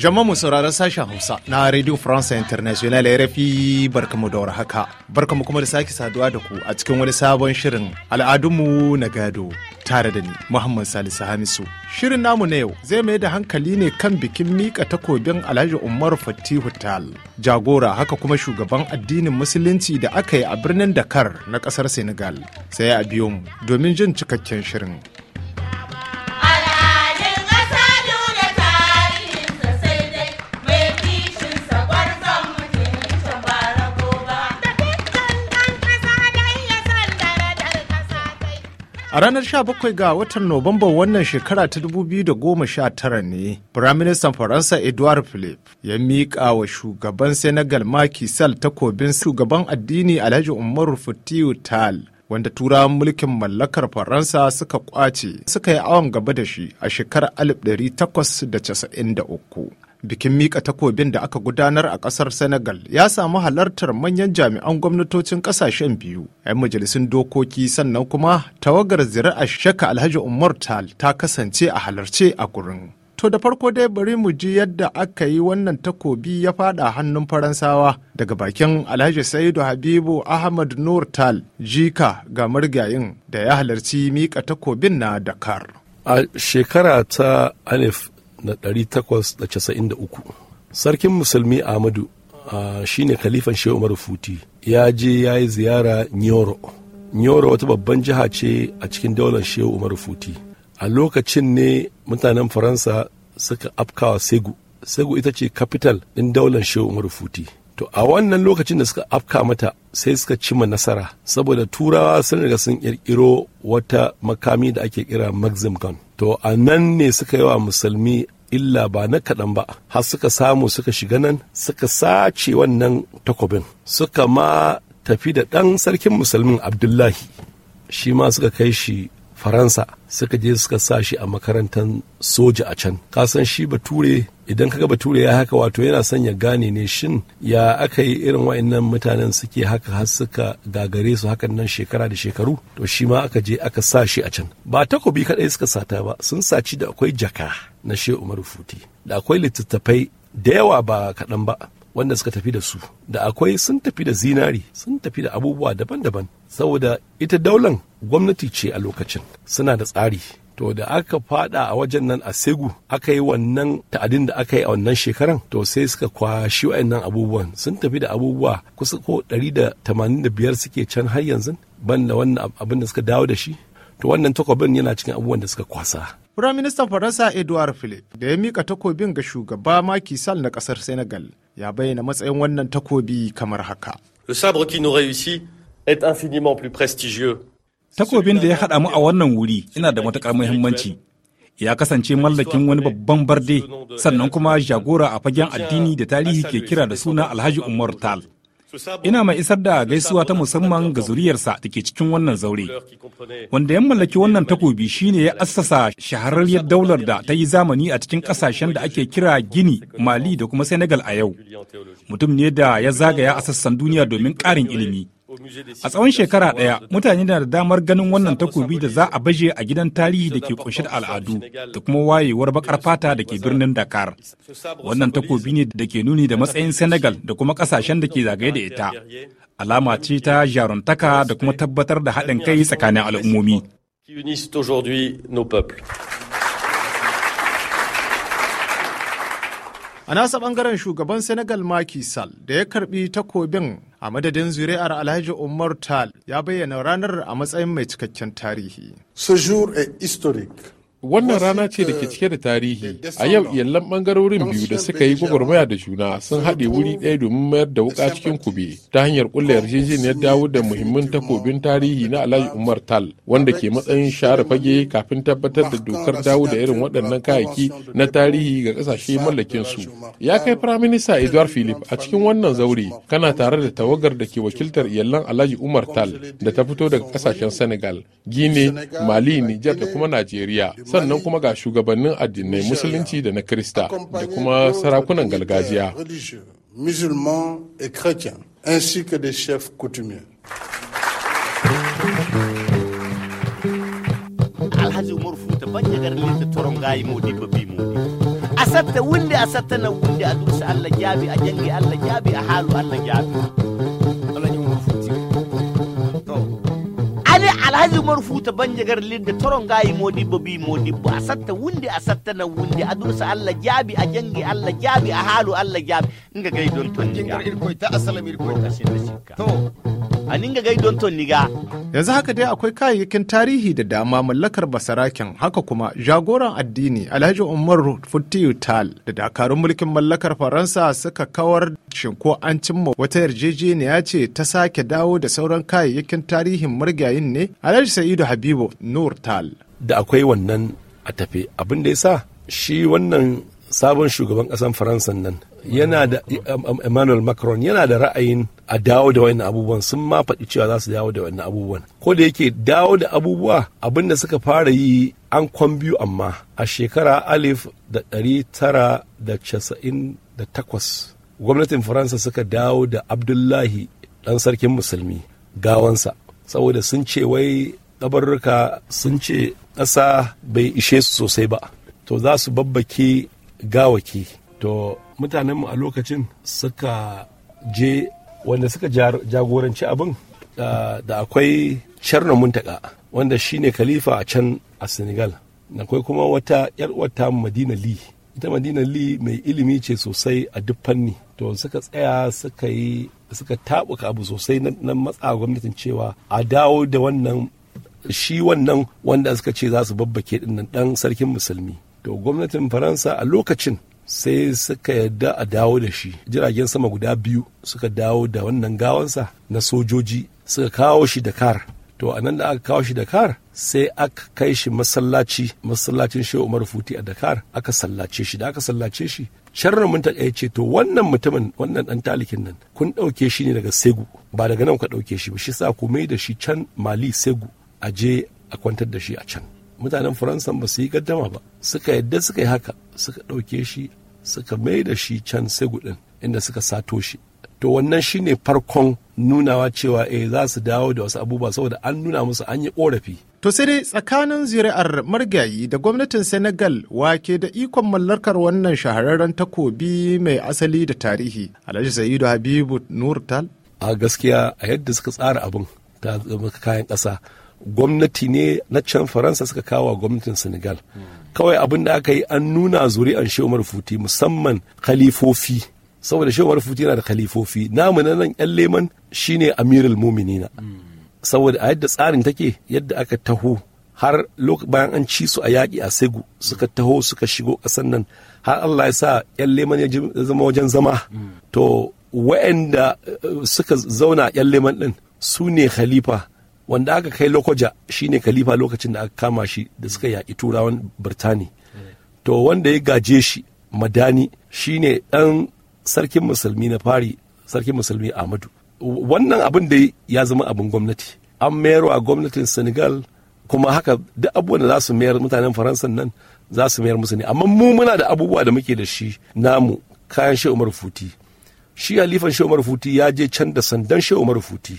Jama'a mu sauraron sashen Hausa na Radio France International ya rafi barkamu da warhaka. Barkamu kuma da sake saduwa da ku a cikin wani sabon shirin al'adunmu na gado. Tare da ni Muhammad Salisu Hamisu. Shirin namu na yau zai mai da hankali ne kan bikin mika takobin Alhaji Umar Fatihu Tal. Jagora haka kuma shugaban addinin Musulunci da aka yi a birnin Dakar na kasar Senegal. Sai a biyo mu domin jin cikakken shirin. A ranar 17 ga watan Nuwamba wannan shekara ta 2019 ne, Firaministan Faransa Edouard Philippe ya miƙa wa shugaban Senegal Macky Sall takobin shugaban addini Alhaji Umaru Fatiu Tal. wanda turawan mulkin mallakar faransa suka kwace suka yi awon gaba da shi a shekarar 1893 bikin mika takobin da aka gudanar a kasar senegal ya samu halartar manyan jami'an gwamnatocin kasashen biyu 'yan majalisun dokoki sannan kuma tawagar zira'a shaka alhaji umar tal ta kasance a halarce a gurin to da farko dai bari mu ji yadda aka yi wannan takobi ya fada hannun faransawa daga bakin alhaji saidu habibu ahmad nur tal jika ga margayin da ya halarci mika takobin na dakar a shekara ta da 893 sarkin musulmi ahmadu shi shine khalifan shehu umaru futi ya je ya yi ziyara nyoro nyoro wata babban jiha ce a cikin daular shehu umaru futi a lokacin ne mutanen faransa suka afkawa segu segu ita ce capital ɗin daular shehu umaru futi to a wannan lokacin da suka afka mata sai suka cima nasara saboda turawa sun riga sun ƙirƙiro wata makami da ake kira maxim gun to a nan ne suka yi wa musulmi illa ba na kaɗan ba har suka samu suka shiga nan suka sace wannan takobin suka ma tafi da ɗan sarkin musulmin abdullahi shi ma suka kai shi faransa suka je suka sa shi a makarantar soja a can kasan shi bature idan kaga bature ya haka wato yana son ya gane ne shin ya aka yi irin wa'annan mutanen suke haka har suka gagare su hakan nan shekara da shekaru to shi ma aka je aka sa shi a can ba takobi kadai suka sata ba sun saci da akwai jaka na shehu umaru futi da akwai littattafai da yawa ba kaɗan ba wanda suka tafi da su da akwai sun tafi da zinari sun tafi da abubuwa daban-daban saboda ita daular gwamnati ce a lokacin suna da tsari to da aka fada a wajen nan a segu aka yi wannan ta'adin da aka yi a wannan shekaran to sai suka kwashi wa'annan abubuwan sun tafi da abubuwa kusa ko 185 suke can har yanzu ban da wannan abin da suka dawo da shi to wannan takobin yana cikin abubuwan da suka kwasa Firaministan Faransa Edouard Philippe da ya mika takobin ga shugaba Macky Sall na ƙasar Senegal ya bayyana matsayin wannan takobi kamar haka. Le sabre qui nous réussit est infiniment plus prestigieux. Takobin da ya haɗa mu a wannan wuri yana da matuƙar muhimmanci. Ya kasance mallakin wani babban barde sannan kuma jagora a fagen addini da tarihi ke kira da suna Alhaji Umar Tal. Ina mai isar da gaisuwa ta musamman ga zuriyarsa da ke cikin wannan zaure. Wanda ya mallaki wannan takobi shi ne ya assasa shahararriyar daular da ta yi zamani a cikin kasashen da ake kira Gini, Mali da kuma Senegal a yau. Mutum ne da ya zagaya a sassan duniya domin ƙarin ilimi. A tsawon shekara ɗaya mutane na da damar ganin wannan takobi da za a baje a gidan tarihi da ke ƙunshe da al'adu da kuma wayewar bakar fata da ke birnin Dakar. Wannan takobi ne da ke nuni da matsayin Senegal da kuma ƙasashen da ke zagaye da ita. Alama ce ta jaruntaka da kuma tabbatar da haɗin kai tsakanin al'ummomi. A nasa bangaren shugaban Senegal Macky Sall da ya karbi takobin a madadin zuri'ar Alhaji Umar Tal ya bayyana ranar a matsayin mai cikakken tarihi. Ce jour est Wannan rana ce da ke cike da tarihi, a yau iyalan bangarorin biyu da suka yi gwagwarmaya da juna sun haɗe wuri ɗaya domin mayar da wuƙa cikin kube ta hanyar ƙulla yarjejeniyar dawo da muhimmin takobin tarihi na Alhaji Umar Tal wanda ke matsayin share fage kafin tabbatar da dokar dawo da irin waɗannan kayayyaki na tarihi ga ƙasashe mallakin su. Ya kai Firaminista Edward Philip a cikin wannan zaure kana tare da tawagar da ke wakiltar iyalan Alhaji Umar Tal da ta fito daga ƙasashen Senegal, Guinea, Mali, Nijar da kuma Najeriya. sannan kuma ga shugabannin addinai musulunci da na krista da kuma sarakunan gargajiya ainsi que des chefs coutumiers. alhaji umar futa banya garin ta turon gayi modi babi modi asatta wunde asatta na wunde a dusa allah jabi a jangi allah jabi a halu allah jabi alhaji umar futa banjagar lidda toron gayi modibbo bi modi a satta wunde a na wunde a dursa allah jaabi a jangi allah jaabi a halu allah jaabi inga gai don ton niga to ninga gai don ton niga yanzu haka dai akwai kayayyakin tarihi da dama mallakar basaraken haka kuma jagoran addini alhaji umar futiyu tal da dakarun mulkin mallakar faransa suka kawar Shin ko an cimma wata yarjejeniya ce ta sake dawo da sauran kayayyakin tarihin margayin ne? Alhaji Sa'idu Habibu Nur Tal. Da akwai wannan a tafe abin da ya sa shi wannan sabon shugaban ƙasar Faransa nan yana da Emmanuel Macron yana da ra'ayin a dawo da wani abubuwan sun ma faɗi cewa za su dawo da wani abubuwan ko da yake dawo da abubuwa abin da suka fara yi an kwan biyu amma a shekara alif da ɗari tara da casa'in da takwas gwamnatin faransa suka dawo da abdullahi ɗan sarkin musulmi gawansa saboda sun ce wai ɗabarruka sun ce ƙasa bai ishe su sosai ba to za su babbake gawaki to mutanenmu a lokacin suka je wanda suka jagoranci abin da akwai charno muntaka wanda shine khalifa a can a senegal akwai kuma wata 'yar wata madina lee ita madina lee mai ilimi ce sosai a duk fanni to suka tsaya suka yi suka tabuka abu sosai na matsa gwamnatin cewa a dawo da wannan shi wannan wanda suka ce za su babbake dinnan dan sarkin musulmi to gwamnatin faransa a lokacin sai suka yarda a dawo da shi jiragen sama guda biyu suka dawo da wannan gawansa na sojoji suka kawo shi dakar to a nan da aka kawo shi dakar sai aka kai shi masallaci masallacin shehu umar futi a dakar aka sallace shi da aka sallace shi sharar mun ya ce to wannan mutumin wannan dan talikin nan kun ɗauke shi ne daga segu ba daga nan ka ɗauke shi ba shi sa ku mai da shi can mali segu a je a kwantar da shi a can mutanen faransa ba su yi gaddama ba suka yadda suka yi haka suka ɗauke shi suka mai da shi can segu ɗin inda suka sato shi to wannan shine farkon nunawa cewa eh za su dawo da wasu abubuwa saboda an nuna musu an yi korafi To sai dai tsakanin zuri'ar margayi da gwamnatin Senegal wake da ikon mallakar wannan shahararren takobi mai asali da tarihi. Alhaji Sa'idu Habibu Nurtal. A gaskiya a yadda suka tsara abin ta zama kayan ƙasa gwamnati ne na can Faransa suka kawo gwamnatin Senegal. Kawai abin da aka yi an nuna zuri'an Shehu Futi musamman khalifofi saboda Shehu Futi yana da khalifofi namu na nan 'yan leman shine Amirul Muminina. saboda a yadda tsarin take yadda aka taho har bayan an ci su a yaƙi a segu suka taho suka shigo ƙasar nan har allah ya sa yan leman ya zama wajen zama to wa'anda eh, suka zauna yan leman ɗin su ne khalifa wanda aka kai lokoja shine khalifa lokacin da aka kama shi da suka yaƙi turawan birtani to wanda ya gaje shi madani shine ɗan sarkin musulmi na fari sarkin musulmi ahmadu wannan abin da ya zama abin gwamnati an mayar wa gwamnatin senegal kuma haka duk abubuwan da za su mayar mutanen faransa nan za su mayar musu ne amma mu muna da abubuwa da muke da shi namu kayan shehu umar futi shi halifan shehu umar futi ya je can da sandan shehu umar futi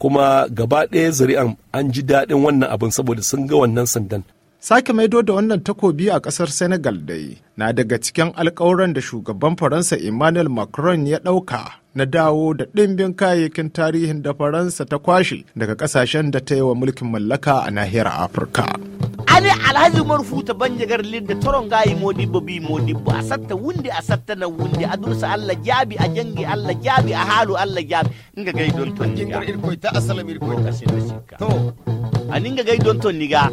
kuma gaba ɗaya zari'an an ji daɗin wannan abin saboda sun ga wannan sandan Sake maido da wannan takobi a kasar Senegal dai na daga cikin alkawuran da shugaban Faransa Emmanuel Macron ya dauka na dawo da ɗimbin kayayyakin tarihin da Faransa ta kwashe daga kasashen da ta yi wa mulkin mallaka a nahiyar Afirka. Ani alhaji marfuta banjagar da toron gayi modibbo bi modibbo a satta wunde a satta na wunde a dursa Allah jabi a jangi Allah jabi a halu Allah jabi inga gai don ton niga. To. Aninga gai don ton niga.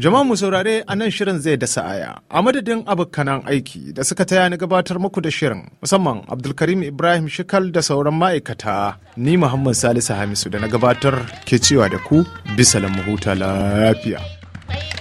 Jama'a mu saurare a nan shirin zai dasa aya a madadin abokanan aiki da suka taya ni gabatar muku da shirin musamman Abdulkarim Ibrahim Shikal da sauran ma'aikata ni Muhammad Salisu Hamisu da na gabatar ke cewa da ku bisa lamu huta lafiya.